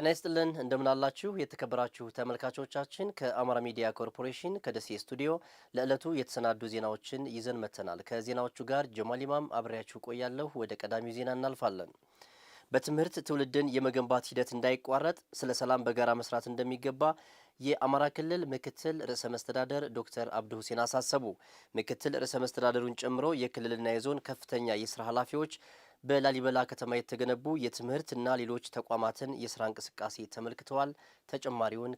ጤና ይስጥልን እንደምናላችሁ የተከበራችሁ ተመልካቾቻችን፣ ከአማራ ሚዲያ ኮርፖሬሽን ከደሴ ስቱዲዮ ለዕለቱ የተሰናዱ ዜናዎችን ይዘን መጥተናል። ከዜናዎቹ ጋር ጀማል ኢማም አብሬያችሁ ቆያለሁ። ወደ ቀዳሚው ዜና እናልፋለን። በትምህርት ትውልድን የመገንባት ሂደት እንዳይቋረጥ ስለ ሰላም በጋራ መስራት እንደሚገባ የአማራ ክልል ምክትል ርዕሰ መስተዳደር ዶክተር አብዱ ሁሴን አሳሰቡ። ምክትል ርዕሰ መስተዳደሩን ጨምሮ የክልልና የዞን ከፍተኛ የስራ ኃላፊዎች በላሊበላ ከተማ የተገነቡ የትምህርትና ሌሎች ተቋማትን የስራ እንቅስቃሴ ተመልክተዋል። ተጨማሪውን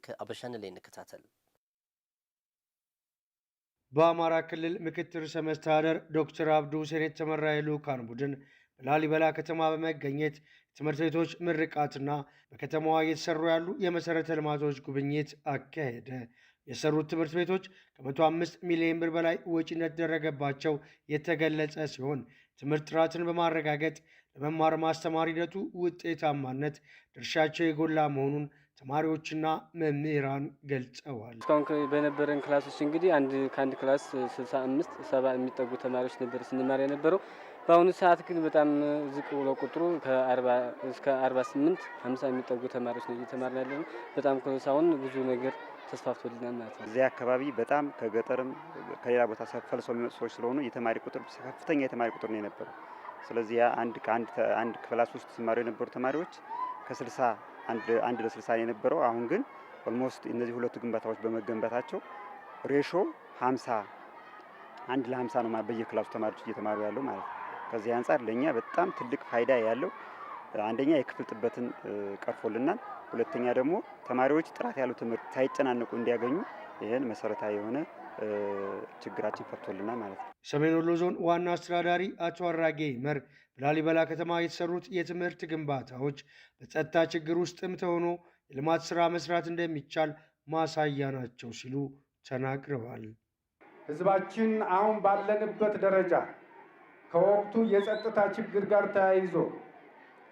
ላይ እንከታተል። በአማራ ክልል ምክትል ርዕሰ መስተዳደር ዶክተር አብዱ ሁሴን የተመራ የልዑካን ቡድን በላሊበላ ከተማ በመገኘት ትምህርት ቤቶች ምርቃትና በከተማዋ እየተሰሩ ያሉ የመሰረተ ልማቶች ጉብኝት አካሄደ። የሰሩት ትምህርት ቤቶች ከ105 ሚሊዮን ብር በላይ ወጪ እንደተደረገባቸው የተገለጸ ሲሆን ትምህርት ጥራትን በማረጋገጥ ለመማር ማስተማር ሂደቱ ውጤታማነት ድርሻቸው የጎላ መሆኑን ተማሪዎችና መምህራን ገልጸዋል። እስካሁን በነበረን ክላሶች እንግዲህ አንድ ከአንድ ክላስ ስልሳ አምስት ሰባ የሚጠጉ ተማሪዎች ነበር ስንማር የነበረው። በአሁኑ ሰዓት ግን በጣም ዝቅ ብሎ ቁጥሩ እስከ አርባ ስምንት ሀምሳ የሚጠጉ ተማሪዎች ነው እየተማርን ያለ ነው። በጣም ክሎሳውን ብዙ ነገር ተስፋፍቶልናል ማለት ነው። እዚያ አካባቢ በጣም ከገጠርም ከሌላ ቦታ ፈልሶ የሚመጡ ሰዎች ስለሆኑ የተማሪ ቁጥር ከፍተኛ የተማሪ ቁጥር ነው የነበረው። ስለዚህ አንድ ከአንድ ክፍላስ ውስጥ ሲማሩ የነበሩ ተማሪዎች ከስልሳ አንድ ለስልሳ የነበረው አሁን ግን ኦልሞስት እነዚህ ሁለቱ ግንባታዎች በመገንባታቸው ሬሾ ሀምሳ አንድ ለሀምሳ ነው በየክላሱ ተማሪዎች እየተማሩ ያለው ማለት ነው። ከዚህ አንጻር ለእኛ በጣም ትልቅ ፋይዳ ያለው አንደኛ የክፍል ጥበትን ቀርፎልናል። ሁለተኛ ደግሞ ተማሪዎች ጥራት ያለው ትምህርት ሳይጨናነቁ እንዲያገኙ ይህን መሰረታዊ የሆነ ችግራችን ፈቶልናል ማለት ነው። ሰሜን ወሎ ዞን ዋና አስተዳዳሪ አቶ አራጌ መር በላሊበላ ከተማ የተሰሩት የትምህርት ግንባታዎች በጸጥታ ችግር ውስጥም ተሆኖ የልማት ስራ መስራት እንደሚቻል ማሳያ ናቸው ሲሉ ተናግረዋል። ህዝባችን አሁን ባለንበት ደረጃ ከወቅቱ የጸጥታ ችግር ጋር ተያይዞ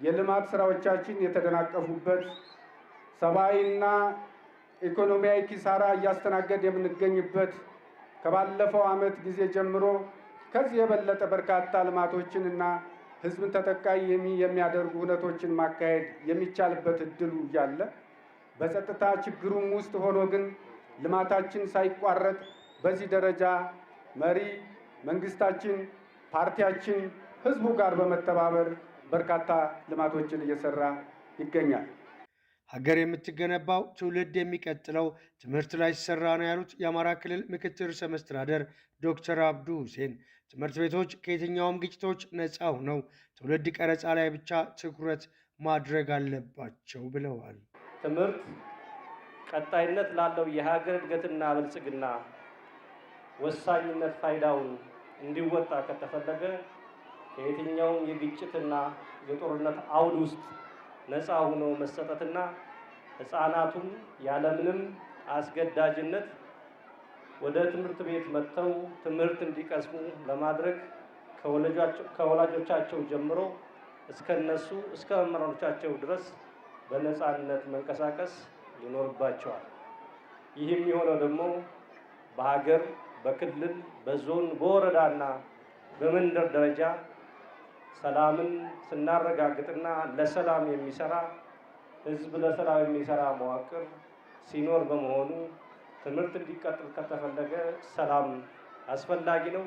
የልማት ስራዎቻችን የተደናቀፉበት ሰብአዊና ኢኮኖሚያዊ ኪሳራ እያስተናገድ የምንገኝበት ከባለፈው ዓመት ጊዜ ጀምሮ ከዚህ የበለጠ በርካታ ልማቶችን እና ሕዝብን ተጠቃሚ የሚያደርጉ እውነቶችን ማካሄድ የሚቻልበት እድሉ እያለ በጸጥታ ችግሩም ውስጥ ሆኖ ግን ልማታችን ሳይቋረጥ በዚህ ደረጃ መሪ መንግስታችን፣ ፓርቲያችን ህዝቡ ጋር በመተባበር በርካታ ልማቶችን እየሰራ ይገኛል። ሀገር የምትገነባው ትውልድ የሚቀጥለው ትምህርት ላይ ሲሰራ ነው ያሉት የአማራ ክልል ምክትል ርዕሰ መስተዳደር ዶክተር አብዱ ሁሴን ትምህርት ቤቶች ከየትኛውም ግጭቶች ነፃ ሆነው ትውልድ ቀረጻ ላይ ብቻ ትኩረት ማድረግ አለባቸው ብለዋል። ትምህርት ቀጣይነት ላለው የሀገር እድገትና ብልጽግና ወሳኝነት ፋይዳውን እንዲወጣ ከተፈለገ ከየትኛውም የግጭትና የጦርነት አውድ ውስጥ ነፃ ሆኖ መሰጠትና ህፃናቱም ያለምንም አስገዳጅነት ወደ ትምህርት ቤት መጥተው ትምህርት እንዲቀስሙ ለማድረግ ከወላጆቻቸው ጀምሮ እስከነሱ እስከ መምህራኖቻቸው ድረስ በነፃነት መንቀሳቀስ ይኖርባቸዋል። ይህም የሆነው ደግሞ በሀገር፣ በክልል፣ በዞን፣ በወረዳና በመንደር ደረጃ ሰላምን ስናረጋግጥና ለሰላም የሚሰራ ህዝብ ለሰላም የሚሰራ መዋቅር ሲኖር በመሆኑ ትምህርት እንዲቀጥል ከተፈለገ ሰላም አስፈላጊ ነው።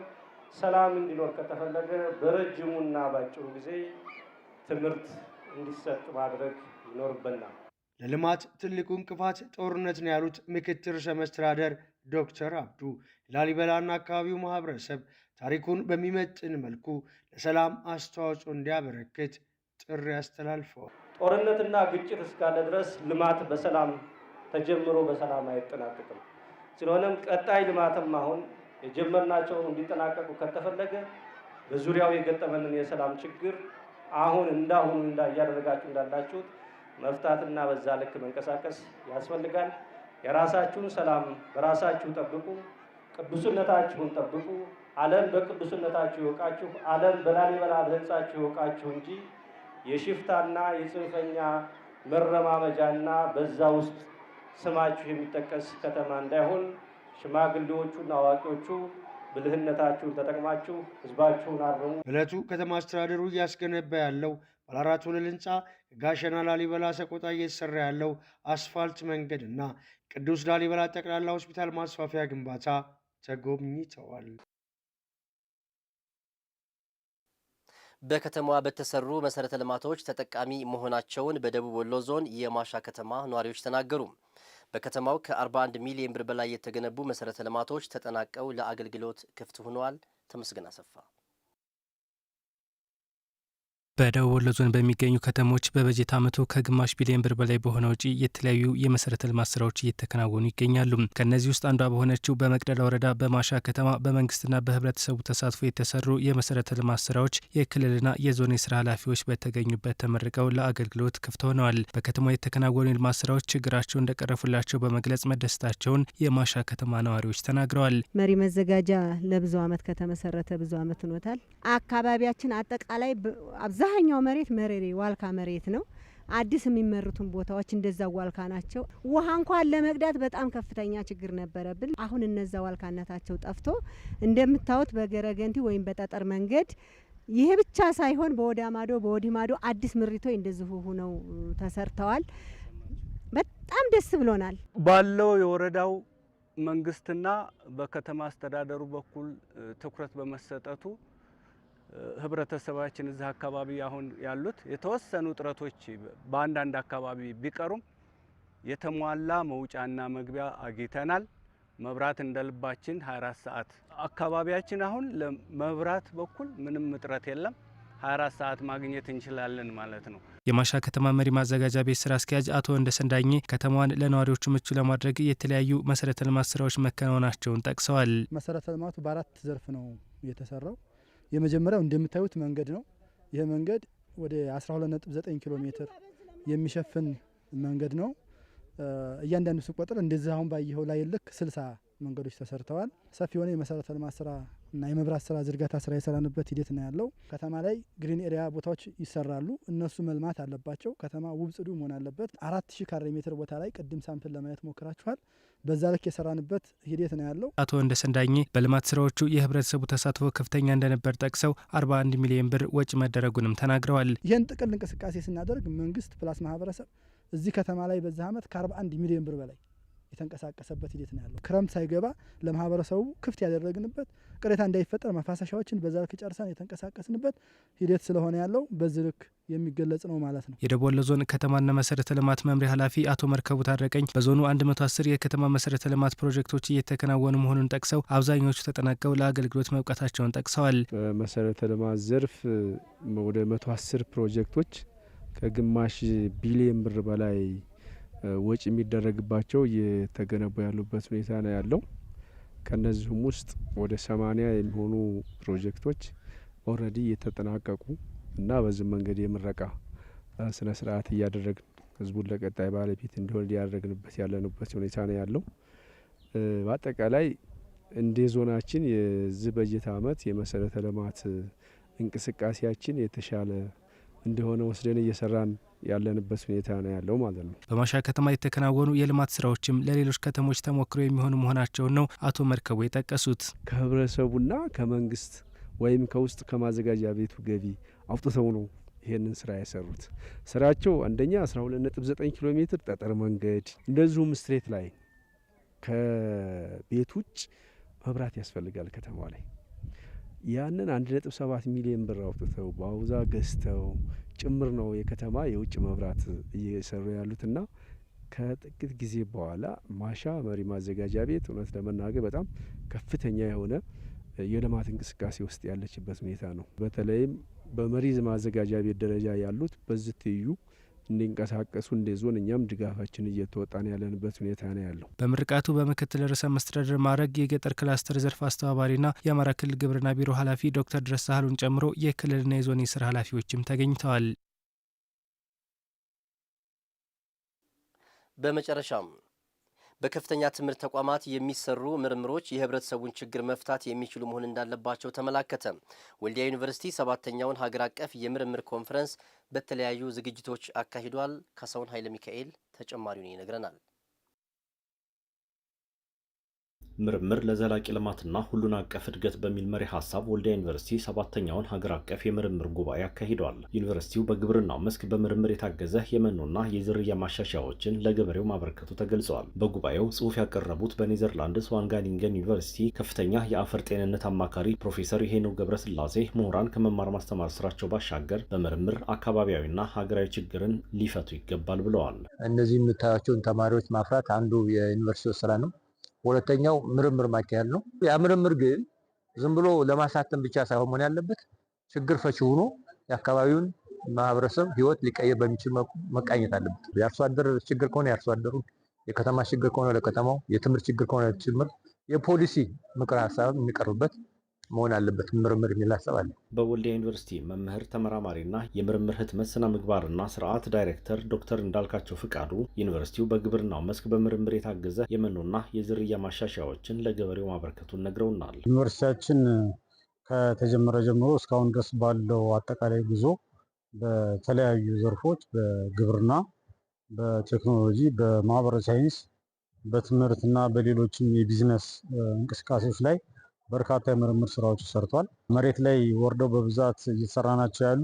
ሰላም እንዲኖር ከተፈለገ በረጅሙና ባጭሩ ጊዜ ትምህርት እንዲሰጥ ማድረግ ይኖርብናል። ለልማት ትልቁ እንቅፋት ጦርነት ነው ያሉት ምክትል ርዕሰ መስተዳደር ዶክተር አብዱ ላሊበላና አካባቢው ማህበረሰብ ታሪኩን በሚመጥን መልኩ ለሰላም አስተዋጽኦ እንዲያበረክት ጥሪ አስተላልፈዋል። ጦርነትና ግጭት እስካለ ድረስ ልማት በሰላም ተጀምሮ በሰላም አይጠናቀቅም። ስለሆነም ቀጣይ ልማትም አሁን የጀመርናቸው እንዲጠናቀቁ ከተፈለገ በዙሪያው የገጠመንን የሰላም ችግር አሁን እንዳሁኑ እያደረጋችሁ እንዳላችሁት መፍታትና በዛ ልክ መንቀሳቀስ ያስፈልጋል። የራሳችሁን ሰላም በራሳችሁ ጠብቁ፣ ቅዱስነታችሁን ጠብቁ። ዓለም በቅዱስነታችሁ ይወቃችሁ፣ ዓለም በላሊበላ ሕንጻችሁ ይወቃችሁ እንጂ የሽፍታና የጽንፈኛ መረማመጃና በዛ ውስጥ ስማችሁ የሚጠቀስ ከተማ እንዳይሆን ሽማግሌዎቹና አዋቂዎቹ ብልህነታችሁን ተጠቅማችሁ ህዝባችሁን አርሙ። እለቱ ከተማ አስተዳደሩ እያስገነባ ያለው ባለ አራት ወለል ህንፃ ጋሸና ላሊበላ ሰቆጣ እየተሰራ ያለው አስፋልት መንገድ እና ቅዱስ ላሊበላ ጠቅላላ ሆስፒታል ማስፋፊያ ግንባታ ተጎብኝተዋል። በከተማዋ በተሰሩ መሰረተ ልማቶች ተጠቃሚ መሆናቸውን በደቡብ ወሎ ዞን የማሻ ከተማ ነዋሪዎች ተናገሩ። በከተማው ከ41 ሚሊዮን ብር በላይ የተገነቡ መሰረተ ልማቶች ተጠናቀው ለአገልግሎት ክፍት ሆነዋል። ተመስገን አሰፋ በደቡብ ወሎ ዞን በሚገኙ ከተሞች በበጀት ዓመቱ ከግማሽ ቢሊዮን ብር በላይ በሆነ ወጪ የተለያዩ የመሰረተ ልማት ስራዎች እየተከናወኑ ይገኛሉ። ከእነዚህ ውስጥ አንዷ በሆነችው በመቅደላ ወረዳ በማሻ ከተማ በመንግስትና በህብረተሰቡ ተሳትፎ የተሰሩ የመሰረተ ልማት ስራዎች የክልልና የዞን የስራ ኃላፊዎች በተገኙበት ተመርቀው ለአገልግሎት ክፍት ሆነዋል። በከተማው የተከናወኑ የልማት ስራዎች ችግራቸውን እንደቀረፉላቸው በመግለጽ መደሰታቸውን የማሻ ከተማ ነዋሪዎች ተናግረዋል። መሪ መዘጋጃ ለብዙ ዓመት ከተመሰረተ ብዙ ዓመት ሆኖታል። አካባቢያችን አጠቃላይ አብዛኛው መሬት መሬሬ ዋልካ መሬት ነው። አዲስ የሚመሩትን ቦታዎች እንደዛ ዋልካ ናቸው። ውሃ እንኳን ለመቅዳት በጣም ከፍተኛ ችግር ነበረብን። አሁን እነዛ ዋልካነታቸው ጠፍቶ እንደምታዩት በገረገንቲ ወይም በጠጠር መንገድ ይሄ ብቻ ሳይሆን በወዳ ማዶ በወዲህ ማዶ አዲስ ምሪቶ እንደዚሁ ሆነው ተሰርተዋል። በጣም ደስ ብሎናል። ባለው የወረዳው መንግስትና በከተማ አስተዳደሩ በኩል ትኩረት በመሰጠቱ ህብረተሰባችን እዚህ አካባቢ አሁን ያሉት የተወሰኑ ጥረቶች በአንዳንድ አካባቢ ቢቀሩም የተሟላ መውጫና መግቢያ አግኝተናል። መብራት እንደልባችን 24 ሰዓት አካባቢያችን አሁን ለመብራት በኩል ምንም እጥረት የለም። 24 ሰዓት ማግኘት እንችላለን ማለት ነው። የማሻ ከተማ መሪ ማዘጋጃ ቤት ስራ አስኪያጅ አቶ እንደሰንዳኜ ከተማዋን ለነዋሪዎቹ ምቹ ለማድረግ የተለያዩ መሰረተ ልማት ስራዎች መከናወናቸውን ጠቅሰዋል። መሰረተ ልማቱ በአራት ዘርፍ ነው የተሰራው የመጀመሪያው እንደምታዩት መንገድ ነው። ይህ መንገድ ወደ 12.9 ኪሎ ሜትር የሚሸፍን መንገድ ነው። እያንዳንዱ ስቆጥር እንደዚህ አሁን ባየኸው ላይ ልክ ስልሳ መንገዶች ተሰርተዋል። ሰፊ የሆነ የመሰረተ ልማት ስራ እና የመብራት ስራ ዝርጋታ ስራ የሰራንበት ሂደት ነው ያለው። ከተማ ላይ ግሪን ኤሪያ ቦታዎች ይሰራሉ። እነሱ መልማት አለባቸው። ከተማ ውብ፣ ጽዱ መሆን አለበት። አራት ሺህ ካሬ ሜትር ቦታ ላይ ቅድም ሳምፕል ለማየት ሞክራችኋል። በዛ ልክ የሰራንበት ሂደት ነው ያለው። አቶ ወንደሰን በልማት ስራዎቹ የህብረተሰቡ ተሳትፎ ከፍተኛ እንደነበር ጠቅሰው 41 ሚሊዮን ብር ወጪ መደረጉንም ተናግረዋል። ይህን ጥቅል እንቅስቃሴ ስናደርግ መንግስት ፕላስ ማህበረሰብ እዚህ ከተማ ላይ በዚህ ዓመት ከ41 ሚሊዮን ብር በላይ የተንቀሳቀሰበት ሂደት ነው ያለው። ክረምት ሳይገባ ለማህበረሰቡ ክፍት ያደረግንበት ቅሬታ እንዳይፈጠር መፋሰሻዎችን በዛ ልክ ጨርሰን የተንቀሳቀስንበት ሂደት ስለሆነ ያለው በዚህ ልክ የሚገለጽ ነው ማለት ነው። የደቡብ ወሎ ዞን ከተማና መሰረተ ልማት መምሪያ ኃላፊ አቶ መርከቡ ታረቀኝ በዞኑ 110 የከተማ መሰረተ ልማት ፕሮጀክቶች እየተከናወኑ መሆኑን ጠቅሰው አብዛኞቹ ተጠናቀው ለአገልግሎት መብቃታቸውን ጠቅሰዋል። በመሰረተ ልማት ዘርፍ ወደ 110 ፕሮጀክቶች ከግማሽ ቢሊየን ብር በላይ ወጪ የሚደረግባቸው እየተገነቡ ያሉበት ሁኔታ ነው ያለው። ከነዚህም ውስጥ ወደ ሰማኒያ የሚሆኑ ፕሮጀክቶች ኦልሬዲ እየተጠናቀቁ እና በዚህ መንገድ የምረቃ ስነ ስርዓት እያደረግን ህዝቡን ለቀጣይ ባለቤት እንዲሆን እያደረግንበት ያለንበት ሁኔታ ነው ያለው። በአጠቃላይ እንደ ዞናችን የዚህ በጀት አመት የመሰረተ ልማት እንቅስቃሴያችን የተሻለ እንደሆነ ወስደን እየሰራን ያለንበት ሁኔታ ነው ያለው ማለት ነው። በማሻ ከተማ የተከናወኑ የልማት ስራዎችም ለሌሎች ከተሞች ተሞክሮ የሚሆኑ መሆናቸውን ነው አቶ መርከቡ የጠቀሱት። ከህብረተሰቡና ከመንግስት ወይም ከውስጥ ከማዘጋጃ ቤቱ ገቢ አውጥተው ነው ይህንን ስራ የሰሩት። ስራቸው አንደኛ 12.9 ኪሎ ሜትር ጠጠር መንገድ፣ እንደዚሁም ስትሬት ላይ ከቤት ውጭ መብራት ያስፈልጋል ከተማ ላይ ያንን 1.7 ሚሊዮን ብር አውጥተው በአውዛ ገዝተው ጭምር ነው የከተማ የውጭ መብራት እየሰሩ ያሉትና ከጥቂት ጊዜ በኋላ ማሻ መሪ ማዘጋጃ ቤት እውነት ለመናገር በጣም ከፍተኛ የሆነ የልማት እንቅስቃሴ ውስጥ ያለችበት ሁኔታ ነው። በተለይም በመሪ ማዘጋጃ ቤት ደረጃ ያሉት በዚህ ትይዩ እንዲንቀሳቀሱ እንደ ዞን እኛም ድጋፋችን እየተወጣን ያለንበት ሁኔታ ነው ያለው። በምርቃቱ በምክትል ርዕሰ መስተዳደር ማዕረግ የገጠር ክላስተር ዘርፍ አስተባባሪና የአማራ ክልል ግብርና ቢሮ ኃላፊ ዶክተር ድረስ ሳህሉን ጨምሮ የክልልና የዞን የስራ ኃላፊዎችም ተገኝተዋል። በመጨረሻም በከፍተኛ ትምህርት ተቋማት የሚሰሩ ምርምሮች የህብረተሰቡን ችግር መፍታት የሚችሉ መሆን እንዳለባቸው ተመላከተ። ወልዲያ ዩኒቨርሲቲ ሰባተኛውን ሀገር አቀፍ የምርምር ኮንፈረንስ በተለያዩ ዝግጅቶች አካሂዷል። ካሳሁን ኃይለ ሚካኤል ተጨማሪውን ይነግረናል። ምርምር ለዘላቂ ልማትና ሁሉን አቀፍ እድገት በሚል መሪ ሀሳብ ወልዲያ ዩኒቨርሲቲ ሰባተኛውን ሀገር አቀፍ የምርምር ጉባኤ አካሂዷል። ዩኒቨርሲቲው በግብርናው መስክ በምርምር የታገዘ የመኖና የዝርያ ማሻሻያዎችን ለገበሬው ማበረከቱ ተገልጸዋል። በጉባኤው ጽሑፍ ያቀረቡት በኔዘርላንድስ ዋንጋሊንገን ዩኒቨርሲቲ ከፍተኛ የአፈር ጤንነት አማካሪ ፕሮፌሰር ይሄነው ገብረስላሴ ምሁራን ከመማር ማስተማር ስራቸው ባሻገር በምርምር አካባቢያዊና ሀገራዊ ችግርን ሊፈቱ ይገባል ብለዋል። እነዚህ የምታያቸውን ተማሪዎች ማፍራት አንዱ የዩኒቨርሲቲው ስራ ነው። ሁለተኛው ምርምር ማካሄድ ነው። ያ ምርምር ግን ዝም ብሎ ለማሳተም ብቻ ሳይሆን መሆን ያለበት ችግር ፈች ሆኖ የአካባቢውን ማህበረሰብ ህይወት ሊቀይር በሚችል መቃኘት አለበት። የአርሶ አደር ችግር ከሆነ የአርሶ አደሩ፣ የከተማ ችግር ከሆነ ለከተማው፣ የትምህርት ችግር ከሆነ ትምህርት፣ የፖሊሲ ምክር ሀሳብ የሚቀርብበት መሆን አለበት ምርምር የሚል ሀሳብ አለ። በወልዲያ ዩኒቨርሲቲ መምህር ተመራማሪና የምርምር ህትመት ስነ ምግባርና ስርዓት ዳይሬክተር ዶክተር እንዳልካቸው ፍቃዱ ዩኒቨርሲቲው በግብርናው መስክ በምርምር የታገዘ የመኖና የዝርያ ማሻሻያዎችን ለገበሬው ማበረከቱን ነግረውናል። ዩኒቨርሲቲያችን ከተጀመረ ጀምሮ እስካሁን ድረስ ባለው አጠቃላይ ጉዞ በተለያዩ ዘርፎች በግብርና፣ በቴክኖሎጂ፣ በማህበረ ሳይንስ፣ በትምህርትና በሌሎችም የቢዝነስ እንቅስቃሴዎች ላይ በርካታ የምርምር ስራዎች ሰርቷል። መሬት ላይ ወርደው በብዛት እየተሰራ ናቸው ያሉ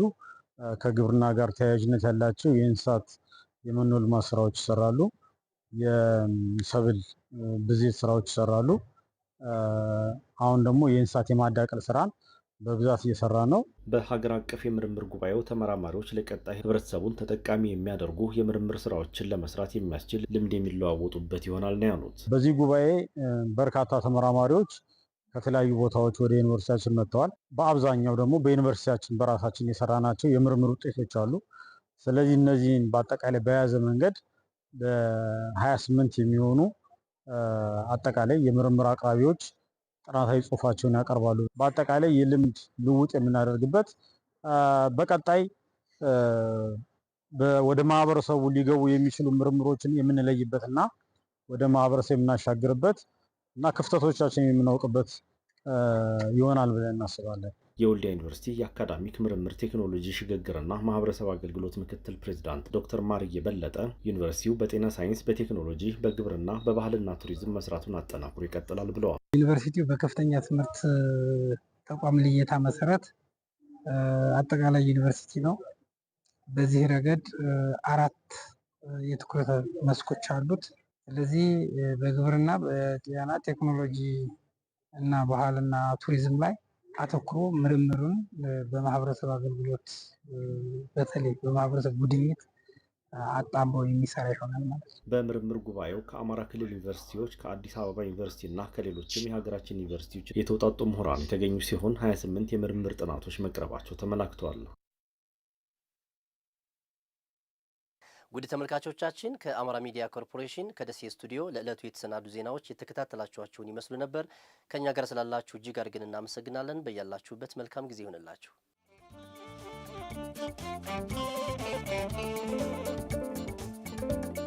ከግብርና ጋር ተያያዥነት ያላቸው የእንስሳት የመኖ ልማት ስራዎች ይሰራሉ። የሰብል ብዜት ስራዎች ይሰራሉ። አሁን ደግሞ የእንስሳት የማዳቀል ስራን በብዛት እየሰራ ነው። በሀገር አቀፍ የምርምር ጉባኤው ተመራማሪዎች ለቀጣይ ህብረተሰቡን ተጠቃሚ የሚያደርጉ የምርምር ስራዎችን ለመስራት የሚያስችል ልምድ የሚለዋወጡበት ይሆናል ነው ያሉት። በዚህ ጉባኤ በርካታ ተመራማሪዎች ከተለያዩ ቦታዎች ወደ ዩኒቨርሲቲያችን መጥተዋል። በአብዛኛው ደግሞ በዩኒቨርሲቲያችን በራሳችን የሰራናቸው የምርምር ውጤቶች አሉ። ስለዚህ እነዚህን በአጠቃላይ በያዘ መንገድ ሀያ ስምንት የሚሆኑ አጠቃላይ የምርምር አቅራቢዎች ጥናታዊ ጽሁፋቸውን ያቀርባሉ። በአጠቃላይ የልምድ ልውጥ የምናደርግበት በቀጣይ ወደ ማህበረሰቡ ሊገቡ የሚችሉ ምርምሮችን የምንለይበት እና ወደ ማህበረሰብ የምናሻግርበት እና ክፍተቶቻችን የምናውቅበት ይሆናል ብለን እናስባለን። የወልዲያ ዩኒቨርሲቲ የአካዳሚክ ምርምር ቴክኖሎጂ ሽግግርና ማህበረሰብ አገልግሎት ምክትል ፕሬዚዳንት ዶክተር ማርዬ በለጠ ዩኒቨርሲቲው በጤና ሳይንስ፣ በቴክኖሎጂ፣ በግብርና፣ በባህልና ቱሪዝም መስራቱን አጠናክሮ ይቀጥላል ብለዋል። ዩኒቨርሲቲው በከፍተኛ ትምህርት ተቋም ልየታ መሰረት አጠቃላይ ዩኒቨርሲቲ ነው። በዚህ ረገድ አራት የትኩረት መስኮች አሉት። ስለዚህ በግብርና በጤና ቴክኖሎጂ እና ባህልና ቱሪዝም ላይ አተኩሮ ምርምሩን በማህበረሰብ አገልግሎት በተለይ በማህበረሰብ ጉድኝት አጣምቦ የሚሰራ ይሆናል ማለት ነው። በምርምር ጉባኤው ከአማራ ክልል ዩኒቨርሲቲዎች፣ ከአዲስ አበባ ዩኒቨርሲቲ እና ከሌሎችም የሀገራችን ዩኒቨርሲቲዎች የተውጣጡ ምሁራን የተገኙ ሲሆን 28 የምርምር ጥናቶች መቅረባቸው ተመላክተዋል። ውድ ተመልካቾቻችን ከአማራ ሚዲያ ኮርፖሬሽን ከደሴ ስቱዲዮ ለዕለቱ የተሰናዱ ዜናዎች የተከታተላችኋቸውን ይመስሉ ነበር። ከእኛ ጋር ስላላችሁ እጅግ አድርገን እናመሰግናለን። በያላችሁበት መልካም ጊዜ ይሆንላችሁ።